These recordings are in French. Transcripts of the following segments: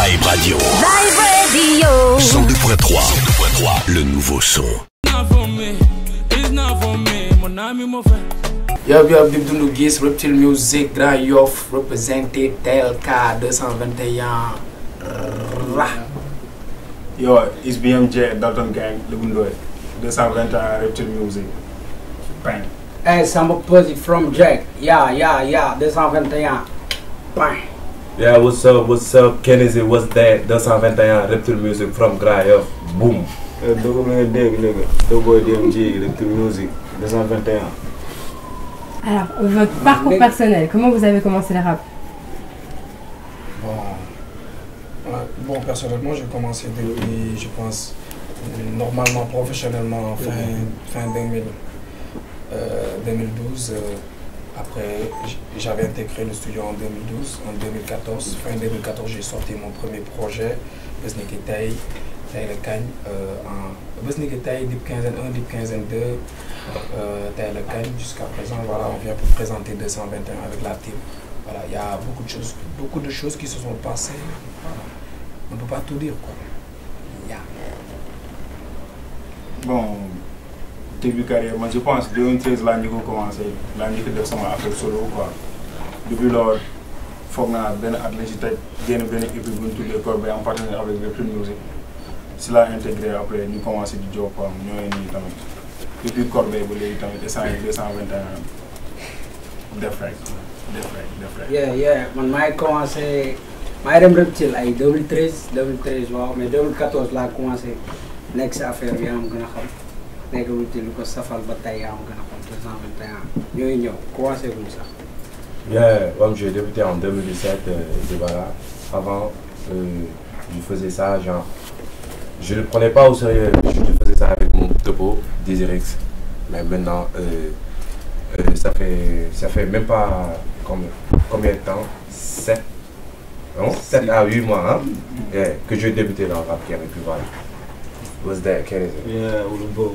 Vibe Radio. Vibe Le nouveau son. Yo, yo, Dip Doundou Reptile Music Grand Yoff représenté Telka 221 Yo it's BMJ Dalton Gang Lugundoy 221 Reptile Music Bang Hey Samba Posy from Jack Yeah yeah yeah 221 Bang Yeah, what's up, what's up, Kennedy, what's that, 221 Reptile Music from Grayoff, boom. Dogo le Dogo DMG Reptile Music 221. Alors, votre parcours personnel, comment vous avez commencé le rap Bon, euh, bon personnellement, j'ai commencé depuis, je pense, normalement, professionnellement, fin, fin 2012. Après, j'avais intégré le studio en 2012. En 2014, fin 2014, j'ai sorti mon premier projet, Besniketaï, Taï le Cagne. Euh, Taï, Deep 151, 1, Deep 15 2, euh, Taï Jusqu'à présent, voilà, on vient pour présenter 221 avec la team. Voilà, il y a beaucoup de, choses, beaucoup de choses qui se sont passées. On ne peut pas tout dire, quoi. Bon, début carrière moi je pense 2013 laa njëkk a commencé laa njëkk def sama affaire solo quoi depuis loolu faut que benn at la ci teg génn benn équipe bu ñu tuddee Corbeil en partenariat avec Reptile Music cela laa intégré après ñu commencé du job quoi ñooy nii tamit depuis Corbeil ba léegi tamit deux cent deux cent vingt et un def yeah yeah Mon maay commencé maay dem Reptile 2013 2013 mais 2014 là commencé next affaire bi yaa ma xam. Mais vous lu ko safal ba tey yaa am gën a xam deux cent quoi c'est comme ça sax. bien comme débuté en 2007 euh, voilà avant euh, je faisais ça genre je ne prenais pas au sérieux je faisais ça avec mon topo Désirix mais maintenant euh, euh, ça fait ça fait même pas comme combien de temps sept non sept à 8 mois hein que j'ai débuté dans la rap avec et puis voilà. was that, Kenny? Yeah, Ulimbo.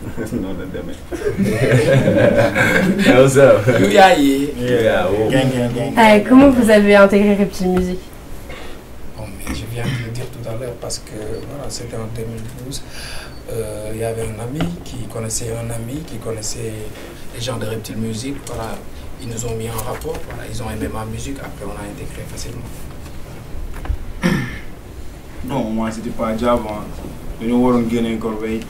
Non, non, non, it. What's up? Yeah, yeah. Oh. Gang, gang, gang, comment vous avez intégré Reptile Music Bon, je viens de le dire tout à l'heure parce que voilà, c'était en 2012. Euh, il y avait un ami qui connaissait un ami qui connaissait les gens de Reptile Music. Voilà, ils nous ont mis en rapport. Voilà, ils ont aimé ma musique. Après, on a intégré facilement. Non, moi, c'était pas déjà avant. Nous avons gagné encore, veille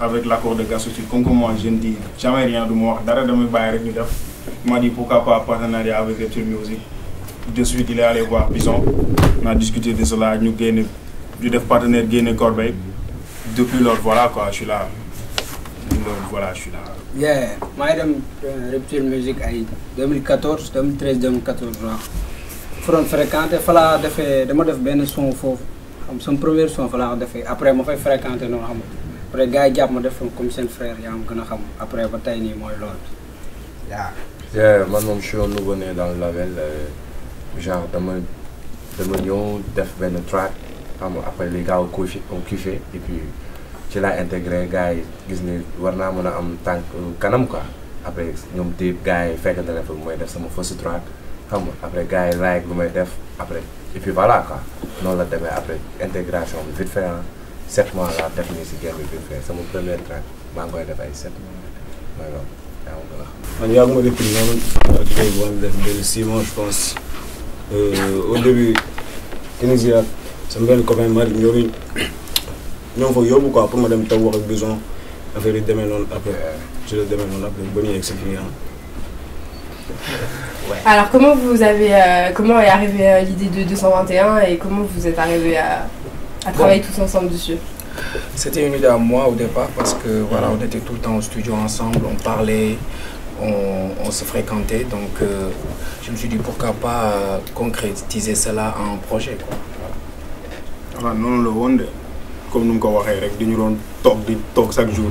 avec l'accord de Gassouti. Comme moi, je ne dis jamais rien de moi. D'arrêt de me il m'a dit pourquoi pas partenariat avec Reptile Music. De suite, il est allé voir Bison. On a discuté de cela. Nous gagnons, je dev partenaire gagner Corbeil. Depuis lors, voilà quoi, je suis là. voilà, je suis là. Yeah, moi, je Reptile Music en 2014, 2013, 2014. Front fréquente, il de faire des son fauve. Son premier son, il après, je fréquenter après gars me comme frère yam gëna xam après ba tey nii je suis un nouveau né dans le label euh, genre dama dama def ben track après les gars ont kiffé et puis ci l'as intégré gars yi gis ni war na mëna am tank euh, kanam quoi après ñom gars yi fék fa moy def sama first track xam après gars yi like lu def après et puis voilà quoi Non, la après intégration vite fait hein sept mois laa def nii si génn bi fee sama première traite maa ngi def ay sept mois mooy loolu yaa ngi ko wax. man yaa ngi ma depuis noonu liggéey bu am def benn six mois je pense euh au début Tunisie sama benn copain Malick Ndiobi ñoo fa yobu quoi pour ma dem taw wax ak bison affaire yi demee noonu après ci la demee noonu après ba ñu yegg si hein. Ouais. Alors comment vous avez euh, comment est arrivée euh, l'idée de 221 et comment vous êtes arrivé à on travailler tous ensemble dessus C'était une idée à moi au départ parce que voilà, on était tout le temps au studio ensemble, on parlait, on, se fréquentait. Donc euh, je me suis dit pourquoi pas euh, concrétiser cela en projet. Ah, le monde Comme nous avons dit, nous tous chaque jour.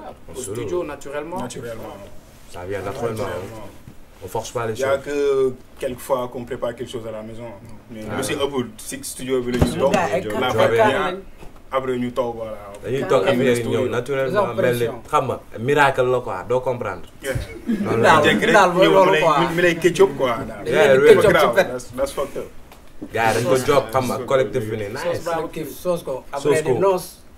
au studio naturellement. Ça vient hein. naturellement. On force pas les choses. Il y a que fois qu'on prépare quelque chose à la maison. Mais ah, si studio après voilà. naturellement miracle là, quoi comprendre. Non, a quoi ketchup quoi. un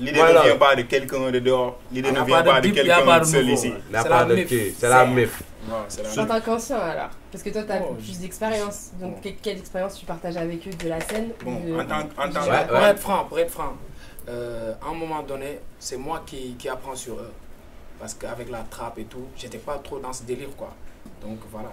L'idée ne vient pas de quelqu'un de dehors, l'idée ah, ne vient pas de, quelqu'un de seul ici. La part de qui C'est la MIF. En tant qu'ancien alors, parce que toi tu as oh. plus d'expérience, donc oh. quelle expérience tu partages avec eux de la scène bon, de... En tant, Pour être franc, pour être franc, euh, à un moment donné, c'est moi qui, qui apprends sur eux. Parce qu'avec la trappe et tout, j'étais pas trop dans ce délire quoi. Donc voilà.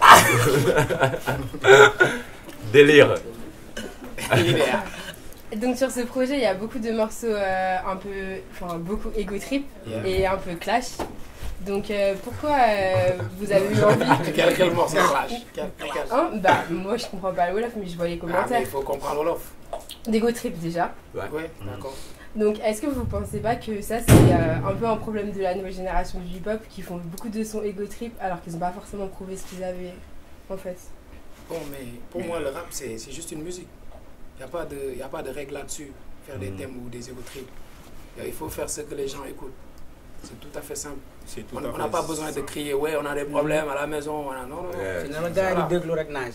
Délire. Donc sur ce projet, il y a beaucoup de morceaux euh, un peu, enfin beaucoup ego trip et un peu clash. Donc euh, pourquoi euh, vous avez eu envie quel, quel morceau hein clash, clash. Bah, moi je comprends pas le mais je vois les ah, commentaires. il faut comprendre l'Olaf. D'ego trip déjà. Ouais, ouais d'accord. Donc, est-ce que vous ne pensez pas que ça, c'est euh, un peu un problème de la nouvelle génération du hip-hop qui font beaucoup de sons ego trip alors qu'ils n'ont pas forcément prouvé ce qu'ils avaient en fait Bon, mais pour moi, le rap, c'est juste une musique. Il n'y a, pas de, y a pas de règle là-dessus, faire des mm. thèmes ou des ego trips. Euh, il faut faire ce que les gens écoutent. C'est tout à fait simple. on n'a pas besoin de crier, ouais, on a des problèmes à la maison. Voilà. non, Non, non, non. Yeah.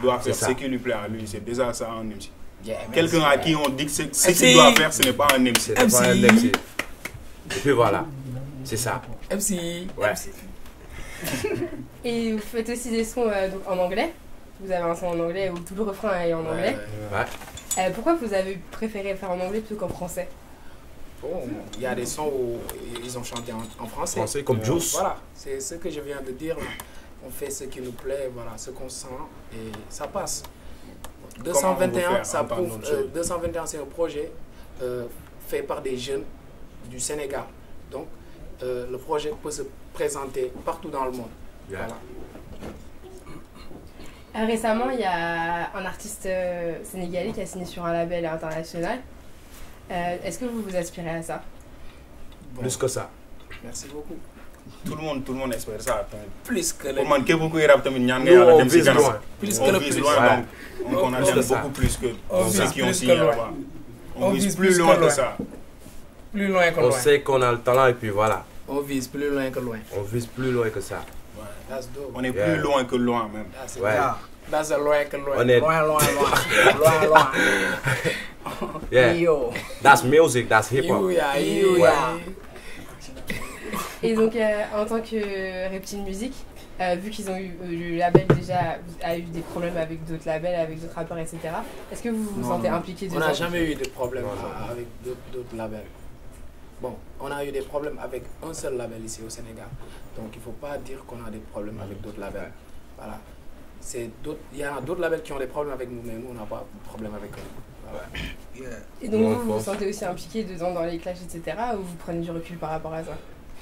doit faire ce qui lui plaît à lui. C'est déjà ça un MC. Quelqu'un à qui on dit que ce qu'il doit faire, ce n'est pas un MC. MC. Et puis voilà, c'est ça. MC. Et vous faites aussi des sons euh, en anglais. Vous avez un son en anglais où tout le refrain est en anglais. Ouais. Euh, pourquoi vous avez préféré faire en anglais plutôt qu'en français oh, il y a des sons où ils ont chanté en, français. comme euh, Juice. Voilà, c'est ce que je viens de dire on fait ce qui nous plaît, voilà, ce qu'on sent et ça passe. 221, ça 221 euh, c'est un projet euh, fait par des jeunes du Sénégal. Donc, euh, le projet peut se présenter partout dans le monde. Voilà. Récemment, il y a un artiste sénégalais qui a signé sur un label international. Est-ce que vous vous aspirez à ça Plus que ça. Merci beaucoup tout le monde tout le monde espère ça plus que le man beaucoup tamit ñaan plus que le plus loin donc on attend beaucoup plus que ceux qui ont signé là on vise plus loin que ça plus loin que loin on sait qu'on a le talent et puis voilà on vise plus loin que loin on vise plus loin que ça on est plus loin que loin même ouais that's loin que loin loin loin loin loin yeah that's music that's hip hop et donc, euh, en tant que Reptile Music, euh, vu qu'ils ont eu euh, le label déjà a eu des problèmes avec d'autres labels, avec d'autres rappeurs, etc. Est-ce que vous vous sentez impliqué dedans On n'a jamais eu de problème avec d'autres labels. Bon, on a eu des problèmes avec un seul label ici au Sénégal. Donc il ne faut pas dire qu'on a des problèmes avec d'autres labels. Voilà. Il y a d'autres labels qui ont des problèmes avec nous, mais nous, on n'a pas de problème avec eux. Et donc, vous vous sentez aussi impliqué dedans dans les clashs, etc. Ou vous prenez du recul par rapport à ça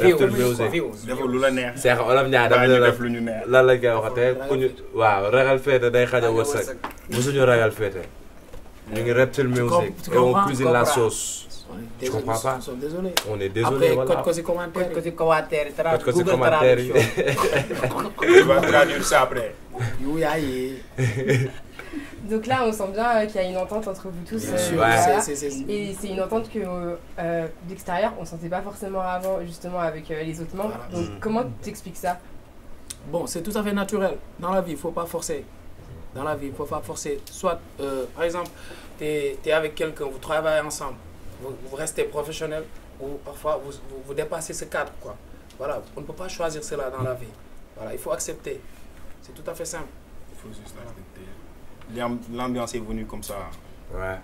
deful musique deful lu la neex. Seex Olof Ndiaye dama ne la def lu ñu neex. lan la koy waxatee ku ñu waaw ragal féete day xañ a wërsëg. mosuñu ragal féete. ñu ngi reptile Music. et on cuisine la sauce. je comprends pas. on est désolé. après voilà. code commentaire code commentaire code tu vas traduire ça après. Donc là, on sent bien euh, qu'il y a une entente entre vous tous. Euh, Et c'est une entente que euh, euh d'extérieur, on ne sentait pas forcément avant, justement, avec les autres membres. Donc mmh. comment t'expliques ça Bon, c'est tout à fait naturel. Dans la vie, il faut pas forcer. Dans la vie, il faut pas forcer. Soit, par exemple, tu es, es avec quelqu'un, vous travaillez ensemble vous, vous, restez professionnel ou parfois vous, vous, vous, dépassez ce cadre. Quoi. Voilà, on ne peut pas choisir cela dans la vie. Voilà, il faut accepter. C'est tout à fait simple. Il faut juste accepter. L'ambiance est venue comme ça. Ouais.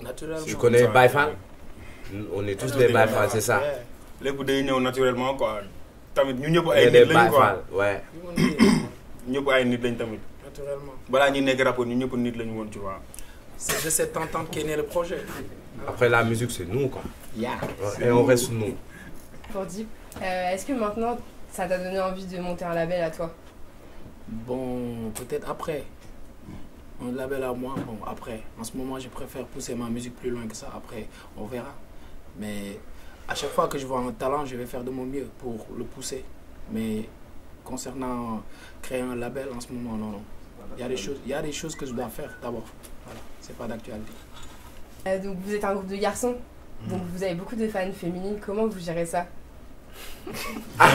Naturellement. Tu connais Baifan On est tous des Baifan, c'est ça. Les bouts de naturellement, quoi. tamit ñu ñëpp ay nit lañ quoi ouais ñëpp ay nit lañ tamit naturellement Voilà, ñuy nekk rapport ñu ñëpp nit lañ woon tu vois c'est de cette entente qu'est né le projet après, la musique, c'est nous, quoi. Yeah, Et on reste nous. Pour Deep, euh, est-ce que maintenant, ça t'a donné envie de monter un label à toi Bon, peut-être après. Un label à moi, bon, après. En ce moment, je préfère pousser ma musique plus loin que ça. Après, on verra. Mais à chaque fois que je vois un talent, je vais faire de mon mieux pour le pousser. Mais concernant créer un label en ce moment, non, non. Il y a des choses, il y des choses que je dois faire d'abord. Voilà, c'est pas d'actualité. Euh, donc vous êtes un groupe de garçons, donc vous avez beaucoup de fans féminines, comment vous gérez ça ah. ah,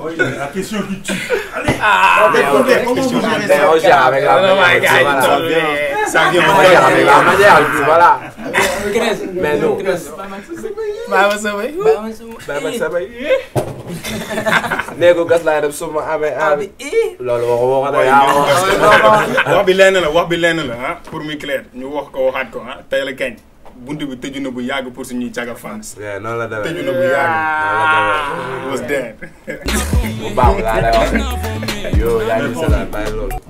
ouais, ah, la question qui tue. Allez, ah, ah on vous gérez ça avec la manière, avec la manière, voilà. Crazy. Mais non. Baba Sabay. Baba Sabay. nee ko gas laay def su ma amee aabi. loolu wax waxoon wax bi lenn la wax bi lenn la ah, pour muy clair ñu wax ko waxaat ko ah tey la kañ. buntu bi tëju na bu yàgg pour suñuy caga fans. la demee tëju na bu yàgg. bu baax laa lay wax. yow loolu.